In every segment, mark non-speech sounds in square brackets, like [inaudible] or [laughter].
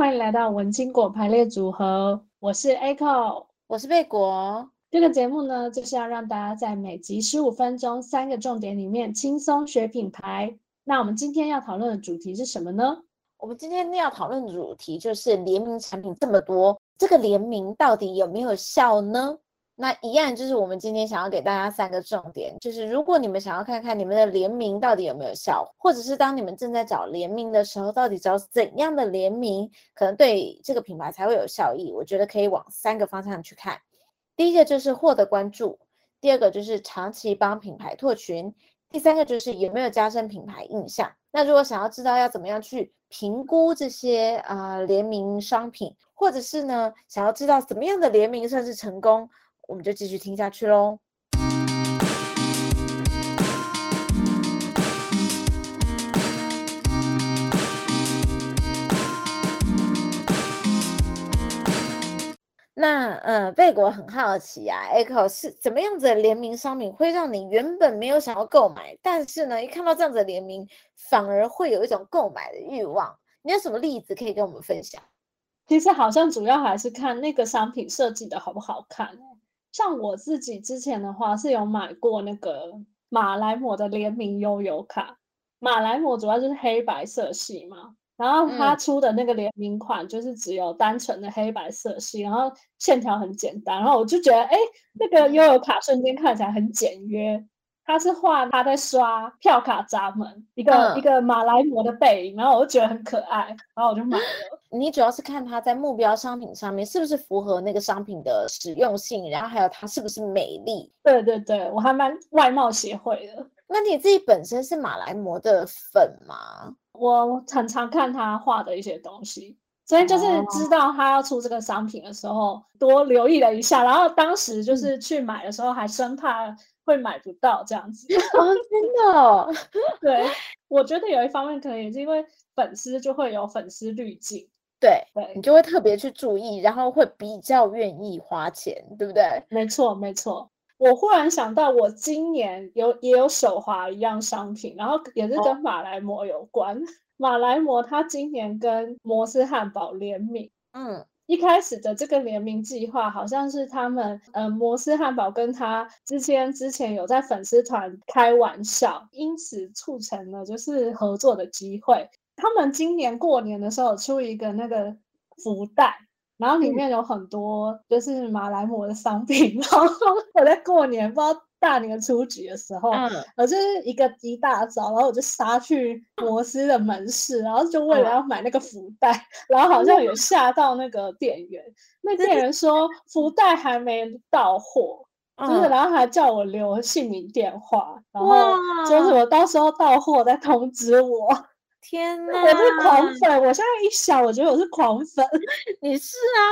歡迎來到文青果排列組合，我是 Echo，我是貝果。這個節目呢，就是要讓大家在每集十五分鐘三個重點裡面輕鬆學品牌。那我們今天要討論的主題是什麼呢？我們今天要討論的主題就是聯名產品這麼多，這個聯名到底有沒有效呢？那一樣就是我們今天想要給大家三個重點，就是如果你們想要看看你們的聯名到底有沒有效，或者是當你們正在找聯名的時候，到底找怎樣的聯名可能對這個品牌才會有效益，我覺得可以往三個方向去看。第一個就是獲得關注，第二個就是長期幫品牌拓群，第三個就是有沒有加深品牌印象。那如果想要知道要怎麼樣去評估這些啊、呃、聯名商品，或者是呢想要知道怎麼樣的聯名算是成功？我們就繼續聽下去嘍。那嗯，貝果很好奇啊 Echo 是什麼樣子的聯名商品會讓你原本沒有想要購買，但是呢，一看到這樣子的聯名，反而會有一種購買的慾望？你有什麼例子可以跟我們分享？其實好像主要還是看那個商品設計的好不好看。像我自己之前的話是有買過那個馬來膜的聯名悠遊卡，馬來膜主要就是黑白色系嘛，然後他出的那個聯名款就是只有單純的黑白色系，嗯、然後線條很簡單，然後我就覺得，哎，那個悠遊卡瞬間看起來很簡約。他是畫他在刷票卡閘門，一個、嗯、一個馬來膜的背影，然後我就覺得很可愛，然後我就買了。你主要是看他在目標商品上面是不是符合那個商品的實用性，然後還有它是不是美麗。對對對，我還蠻外貌協會的。那你自己本身是馬來膜的粉嗎？我常常看他畫的一些東西，所以就是知道他要出這個商品的時候，多留意了一下。然後當時就是去買的時候，還生怕。會買不到這樣子、 [laughs] 哦、真的、哦。對，我覺得有一方面可能也是因為粉絲就會有粉絲濾鏡，對，你就會特別去注意，然後會比較願意花錢，對不對？沒錯，沒錯。我忽然想到，我今年有也有手滑一樣商品，然後也是跟馬來膜有關。哦、馬來膜他今年跟摩斯漢堡聯名，嗯。一開始的這個聯名計劃好像是他們，呃、嗯，摩斯漢堡跟他之前之前有在粉絲團開玩笑，因此促成了就是合作的機會。他們今年過年的時候出一個那個福袋，然後裡面有很多就是馬來膜的商品，嗯、然後我在過年不知道。大年初幾的時候，我、uh -huh. 呃、就是一個一大早，然後我就殺去摩斯的門市，然後就為了要買那個福袋，uh -huh. 然後好像有嚇到那個店員，那店員說福袋還沒到貨，是就是、然後還叫我留姓名電話，uh -huh. 然後說什麼到時候到貨再通知我。天哪！我是狂粉，我現在一想，我覺得我是狂粉。 [laughs] 你是啊，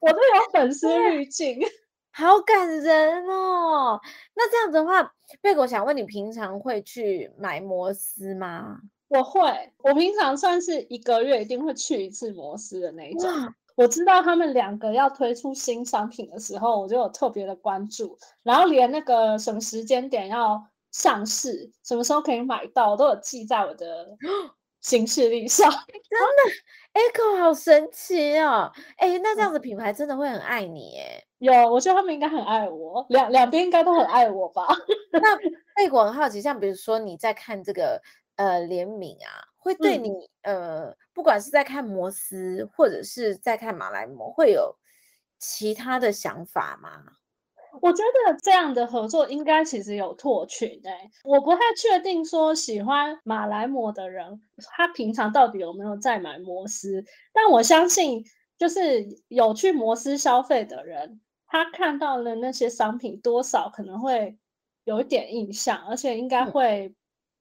我都有粉絲濾鏡。 [laughs] 好感人哦！那這樣子的話，貝果想問你，平常會去買摩斯嗎？我會，我平常算是一個月一定會去一次摩斯的那種。我知道他們兩個要推出新商品的時候，我就有特別的關注，然後連那個什麼時間點要上市，什麼時候可以買到，我都有記在我的行事曆上。真的。Echo 好神奇哦！誒、欸，那這樣的品牌真的會很愛你？哎，有，我覺得他們應該很愛我。兩兩邊應該都很愛我吧？ [laughs] 那貝果很好奇，像比如說你在看這個呃聯名啊，會對你、嗯、呃，不管是在看摩斯或者是在看馬來膜，會有其他的想法嗎？我覺得這樣的合作應該其實有拓群、欸、我不太確定說，喜歡馬來膜的人，他平常到底有沒有在買摩斯？但我相信，就是有去摩斯消費的人，他看到的那些商品多少可能會有一點印象，而且應該會，嗯、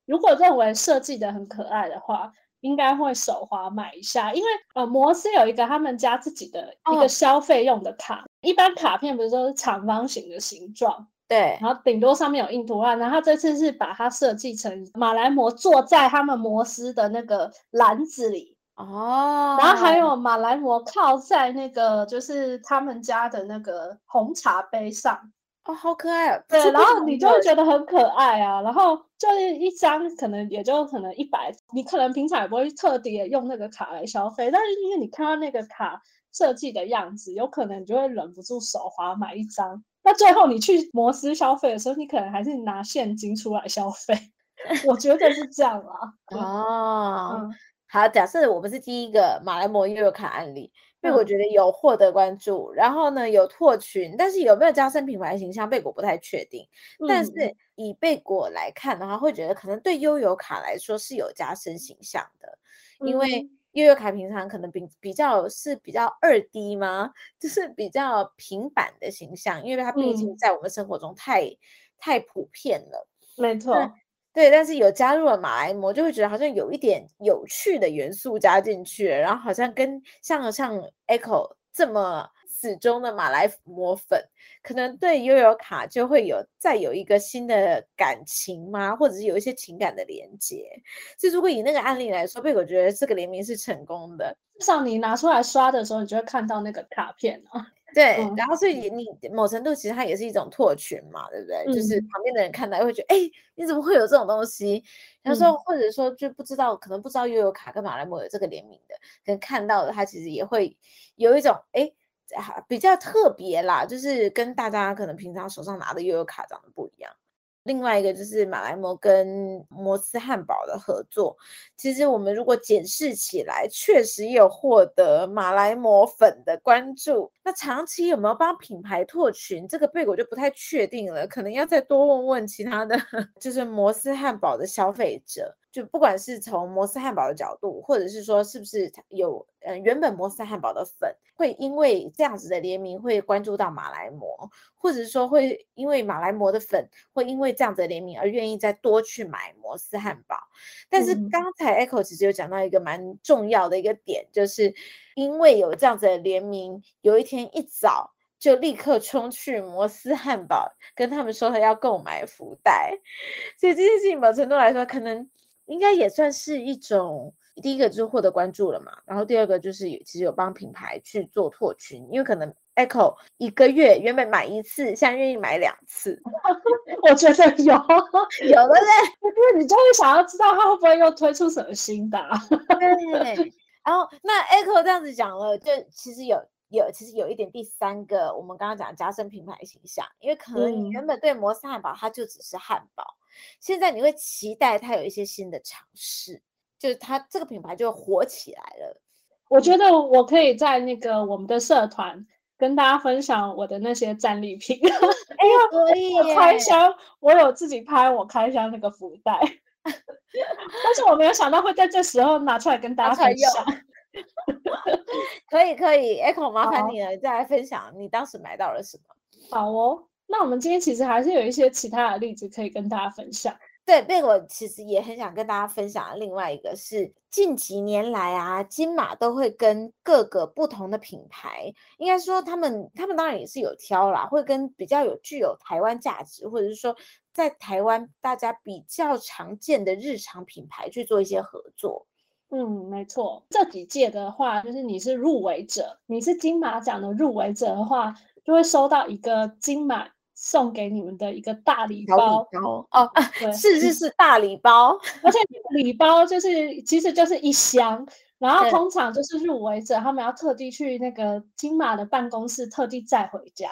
如果認為設計的很可愛的話。應該會手滑買一下，因為呃，摩斯有一個他們家自己的一個消費用的卡，oh. 一般卡片比如說是長方形的形狀，對，然後頂多上面有印圖案，然後這次是把它設計成馬來膜坐在他們摩斯的那個籃子裡，哦、oh.，然後還有馬來膜靠在那個就是他們家的那個紅茶杯上，哦、oh,，好可愛、啊、對，然後你就會覺得很可愛啊，然後。就是一張，可能也就可能一百，你可能平常也不會特地用那個卡來消費，但是因為你看到那個卡設計的樣子，有可能你就會忍不住手滑買一張。那最後你去摩斯消費的時候，你可能還是拿現金出來消費，我覺得是這樣啊。啊、 [laughs] 嗯。Oh. 好，假設我們是第一個馬來膜悠游卡案例，貝果覺得有獲得關注，然後呢有拓群，但是有沒有加深品牌形象？貝果不太確定。但是以貝果來看的話，會覺得可能對悠游卡來說是有加深形象的，因為悠游卡平常可能比比較是比較二 D 嘛，就是比較平板的形象，因為它畢竟在我們生活中太太普遍了。沒錯。對，但是有加入了馬來膜，就會覺得好像有一點有趣的元素加進去了，然後好像跟像像 Echo 這麼死忠的馬來膜粉，可能對悠遊卡就會有再有一個新的感情嗎？或者是有一些情感的連接？所以如果以那個案例來說，貝果覺得這個聯名是成功的，至少你拿出來刷的時候，你就會看到那個卡片哦對、嗯，然後所以你某程度其實它也是一種拓群嘛，對不對、嗯？就是旁邊的人看到會覺得，哎，你怎麼會有這種東西？嗯、然後說或者說，就不知道，可能不知道悠遊卡跟馬來膜有這個聯名的，可能看到的他其實也會有一種，哎、啊，比較特別啦，就是跟大家可能平常手上拿的悠遊卡長得不一樣。另外一個就是馬來膜跟摩斯漢堡的合作，其實我們如果檢視起來，確實也有獲得馬來膜粉的關注。那長期有沒有幫品牌拓群，這個貝果就不太確定了，可能要再多問問其他的，就是摩斯漢堡的消費者。就不管是從摩斯漢堡的角度，或者是說是不是有、呃、原本摩斯漢堡的粉會因為這樣子的聯名會關注到馬來膜，或者是說會因為馬來膜的粉會因為這樣子的聯名而願意再多去買摩斯漢堡。但是剛才 Echo 其實有講到一個蠻重要的一個點，嗯、就是因為有這樣子的聯名，有一天一早就立刻衝去摩斯漢堡跟他們說他要購買福袋，所以這件事情某程度來說可能。應該也算是一種，第一個就是獲得關注了嘛，然後第二個就是其實有幫品牌去做拓群，因為可能 Echo 一個月原本買一次，現在願意買兩次，我覺得有 [laughs] 有的嘞不，因 [laughs] 為你就會想要知道他會不會又推出什麼新的、啊。 [laughs] 對，然後那 Echo 這樣子講了，就其實有。有，其實有一點，第三個，我們剛剛講的加深品牌形象，因為可能你原本對摩斯漢堡它就只是漢堡，嗯、現在你會期待它有一些新的嘗試，就是它這個品牌就火起來了。我覺得我可以在那個我們的社團跟大家分享我的那些戰利品，哎呀，可以開箱，我有自己拍我開箱那個福袋，但是我沒有想到會在這時候拿出來跟大家分享。 [laughs] 可以可以，Echo，麻煩你了，oh. 再來分享你當時買到了什麼。好哦，那我們今天其實還是有一些其他的例子可以跟大家分享。對，貝果，我其實也很想跟大家分享的另外一個是近幾年來啊，金馬都會跟各個不同的品牌，應該說他們他們當然也是有挑啦，會跟比較有具有台灣價值，或者是說在台灣大家比較常見的日常品牌去做一些合作。嗯，沒錯。這幾屆的話，就是你是入圍者，你是金馬獎的入圍者的話，就會收到一個金馬送給你們的一個大禮包。然後哦，對，哦、是是是大禮包，而且禮包就是其實就是一箱，然後通常就是入圍者他們要特地去那個金馬的辦公室特地帶回家。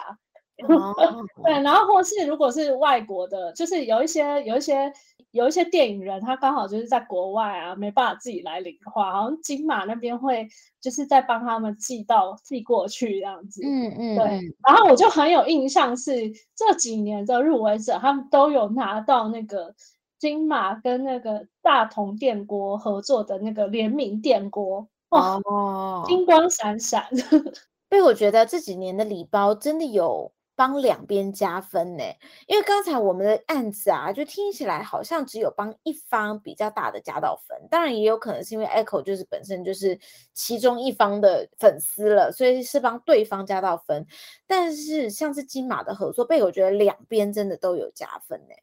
[laughs] 對，然後或是如果是外國的，就是有一些有一些有一些電影人，他剛好就是在國外啊，沒辦法自己來領的話，好像金馬那邊會就是在幫他們寄到寄過去這樣子。嗯嗯，對。然後我就很有印象是這幾年的入圍者，他們都有拿到那個金馬跟那個大同電鍋合作的那個聯名電鍋哦，嗯、 [laughs] 金光閃閃。所 [laughs] 以我覺得這幾年的禮包真的有。幫兩邊加分呢？因為剛才我們的案子啊，就聽起來好像只有幫一方比較大的加到分，當然也有可能是因為 Echo 就是本身就是其中一方的粉絲了，所以是幫對方加到分。但是像是金馬的合作，貝果覺得兩邊真的都有加分呢。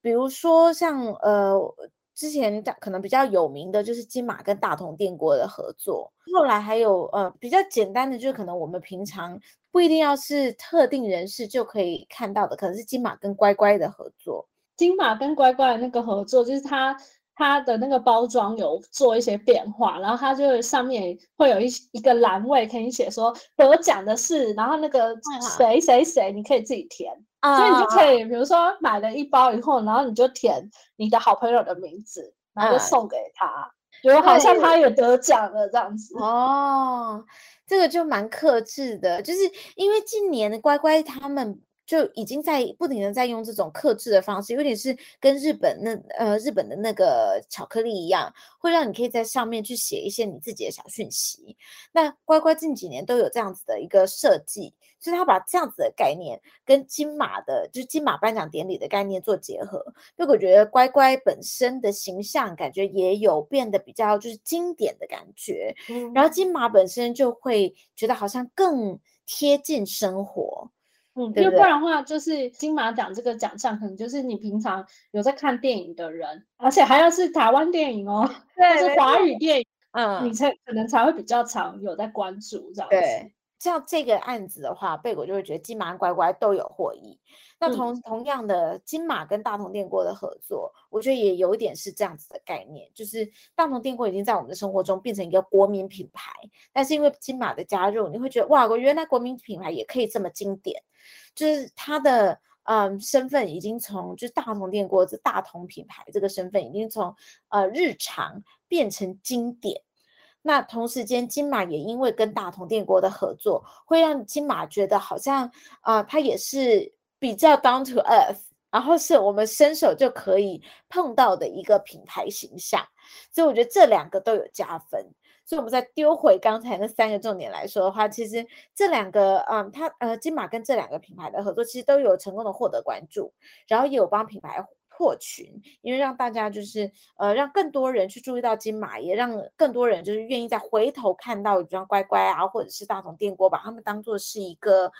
比如說像呃之前可能比較有名的就是金馬跟大同電鍋的合作，後來還有呃比較簡單的就是可能我們平常。不一定要是特定人士就可以看到的，可能是金馬跟乖乖的合作。金馬跟乖乖的那個合作，就是他它的那個包裝有做一些變化，然後它就上面會有一一個欄位可以寫說得獎的是，然後那個誰誰誰，你可以自己填。所以你就可以，uh, 比如說買了一包以後，然後你就填你的好朋友的名字，然後送給他，有、uh, 好像他有得獎了這樣子。哦。Oh. 這個就蠻克製的，就是因為近年乖乖他們。就已經在不停的在用這種客製的方式，有點是跟日本那呃日本的那個巧克力一樣，會讓你可以在上面去寫一些你自己的小訊息。那乖乖近幾年都有這樣子的一個設計，所以他把這樣子的概念跟金馬的就是金馬頒獎典禮的概念做結合，因為我覺得乖乖本身的形象感覺也有變得比較就是經典的感覺，嗯、然後金馬本身就會覺得好像更貼近生活。嗯，要不然的話，就是金馬獎這個獎項，可能就是你平常有在看電影的人，而且還要是台灣電影哦，對、嗯，是華語電影，嗯，你才、嗯、可能才會比較常有在關注這樣子。對，像這個案子的話，貝果就會覺得金馬乖乖都有獲益。那同同樣的金馬跟大同電鍋的合作，我覺得也有一點是這樣子的概念，就是大同電鍋已經在我們的生活中變成一個國民品牌，但是因為金馬的加入，你會覺得哇，我原來國民品牌也可以這麼經典，就是它的嗯、呃、身份已經從就大同電鍋是大同品牌這個身份已經從呃日常變成經典。那同時間，金馬也因為跟大同電鍋的合作，會讓金馬覺得好像啊，它、呃、也是。比較 down to earth，然後是我們伸手就可以碰到的一個品牌形象，所以我覺得這兩個都有加分。所以我們再丟回剛才那三個重點來說的話，其實這兩個，嗯，它呃金馬跟這兩個品牌的合作，其實都有成功的獲得關注，然後也有幫品牌破群，因為讓大家就是呃讓更多人去注意到金馬，也讓更多人就是願意再回頭看到，比如乖乖啊，或者是大同電鍋，把他們當作是一個。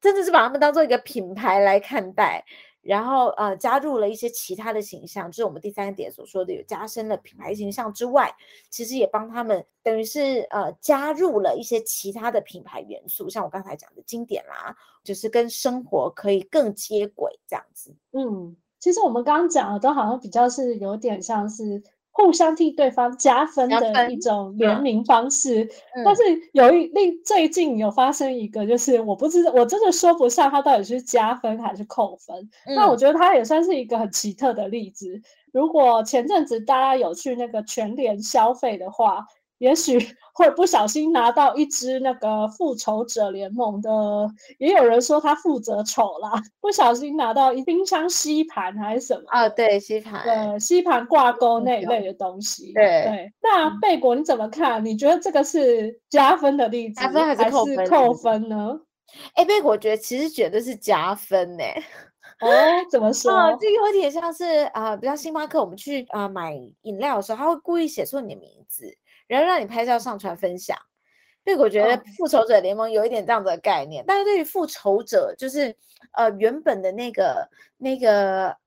真的是把他們當做一個品牌來看待，然後呃加入了一些其他的形象，就是我們第三點所說的有加深了品牌形象之外，其實也幫他們等於是呃加入了一些其他的品牌元素，像我剛才講的經典啦啊，就是跟生活可以更接軌這樣子。嗯，其實我們剛剛講的都好像比較是有點像是。互相替對方加分的一種聯名方式，嗯嗯、但是有一另最近有發生一個，就是我不知道我真的說不上它到底是加分還是扣分。那、嗯、我覺得它也算是一個很奇特的例子。如果前陣子大家有去那個全聯消費的話。也許會不小心拿到一支那個復仇者聯盟的，也有人說他負責醜啦，不小心拿到一冰箱吸盤還是什麼啊、哦？對，吸盤，對，吸盤掛鈎那一類的東西。嗯、對對，那貝果你怎麼看？你覺得這個是加分的例子，還是扣分呢？誒，貝、欸、果，我覺得其實絕對是加分呢。哦，怎麼說？這、哦、個有點像是啊、呃，比如星巴克，我們去啊、呃、買飲料的時候，他會故意寫錯你的名字。然後讓你拍照上傳分享，貝果覺得復仇者聯盟有一點這樣子的概念，嗯、但是對於復仇者，就是呃原本的那個那個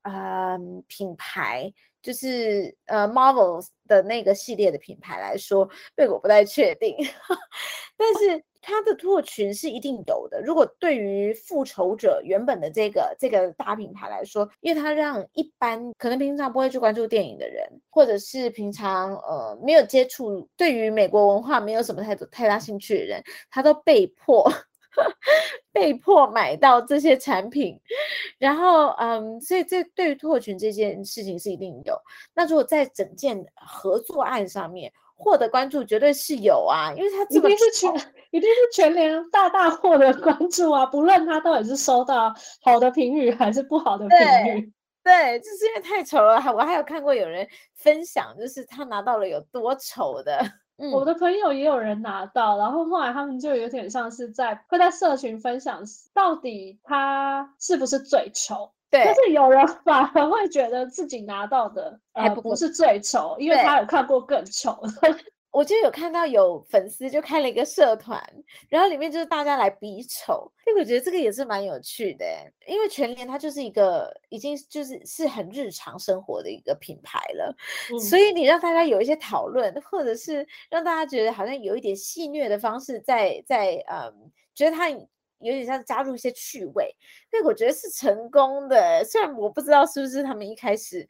呃品牌，就是呃 Marvels 的那個系列的品牌來說，貝果不太確定， [laughs] 但是。他的拓群是一定有的。如果對於復仇者原本的這個這個大品牌來說，因為他讓一般可能平常不會去關注電影的人，或者是平常呃沒有接觸對於美國文化沒有什麼太多太大興趣的人，他都被迫 [laughs] 被迫買到這些產品，然後嗯，所以這對於拓群這件事情是一定有。那如果在整件合作案上面獲得關注，絕對是有啊，因為他這麼廣。 [laughs] 一定是全聯大大獲得關注啊！不論他到底是收到好的評語還是不好的評語。對，對，就是因為太醜了。我還有看過有人分享，就是他拿到了有多醜的。我的朋友也有人拿到，嗯，然後後來他們就有點像是在會在社群分享，到底他是不是最醜？對，就是有人反而會覺得自己拿到的還不、呃、不是最醜，因為他有看過更醜的。 [laughs] 我就有看到有粉絲就開了一個社團，然後裡面就是大家來比醜，因為我覺得這個也是蠻有趣的。欸，因為全聯它就是一個已經就是是很日常生活的一個品牌了，嗯、所以你讓大家有一些討論，或者是讓大家覺得好像有一點戲謔的方式在，在在啊、嗯，覺得它有點像加入一些趣味，所以我覺得是成功的。雖然我不知道是不是他們一開始，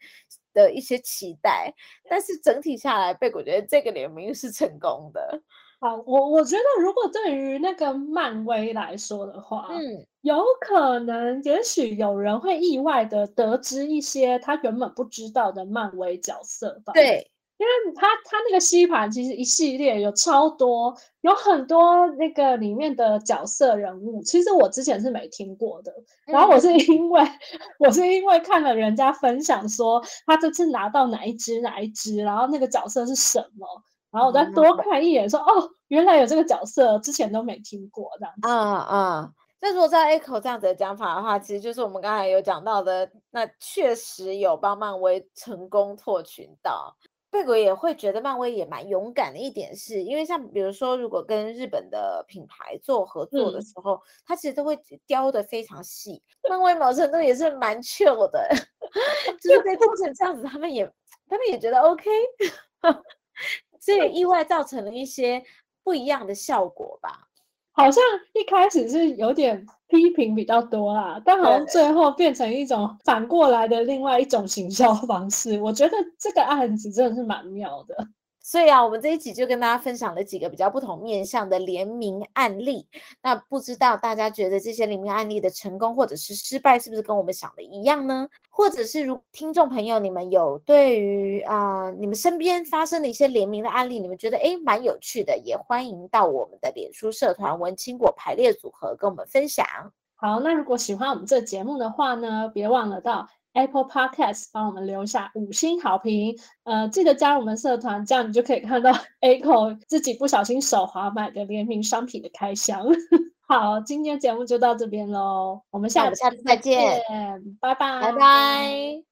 的一些期待，但是整體下來，貝果覺得這個聯名是成功的。好，我我覺得如果對於那個漫威來說的話，嗯，有可能，也許有人會意外地得知一些他原本不知道的漫威角色吧。對。因為他他那個吸盤其實一系列有超多，有很多那個裡面的角色人物，其實我之前是沒聽過的。然後我是因為、嗯、 [laughs] 我是因為看了人家分享說他這次拿到哪一隻哪一隻，然後那個角色是什麼，嗯、然後我再多看一眼說，說哦，原來有這個角色，之前都沒聽過這樣。啊、嗯、啊！那如果在 Echo 這樣子的講法的話，其實就是我們剛才有講到的，那確實有幫漫威成功拓群到。貝果也會覺得漫威也蠻勇敢的一點是，是因為像比如說，如果跟日本的品牌做合作的時候，嗯、它其實都會雕的非常細。漫威某程度也是蠻糗的，就是被做成這樣子， [laughs] 他們也他們也覺得 OK，這也 [laughs] 意外造成了一些不一樣的效果吧。好像一開始是有點批評比較多啦，但好像最後變成一種反過來的另外一種行銷方式。我覺得這個案子真的是蠻妙的。所以啊，我們這一集就跟大家分享了幾個比較不同面向的聯名案例。那不知道大家覺得這些聯名案例的成功或者是失敗，是不是跟我們想的一樣呢？或者是如聽眾朋友，你們有對於啊、呃、你們身邊發生的一些聯名的案例，你們覺得誒蠻有趣的，也歡迎到我們的臉書社團“文青果排列組合”跟我們分享。好，那如果喜歡我們這節目的話呢，別忘了到。Apple Podcast 幫我們留下五星好評，呃，記得加入我們社團，這樣你就可以看到 Echo 自己不小心手滑買個聯名商品的開箱。 [laughs] 好，今天節目就到這邊嘍，我們下，我下次再見，拜拜，拜拜。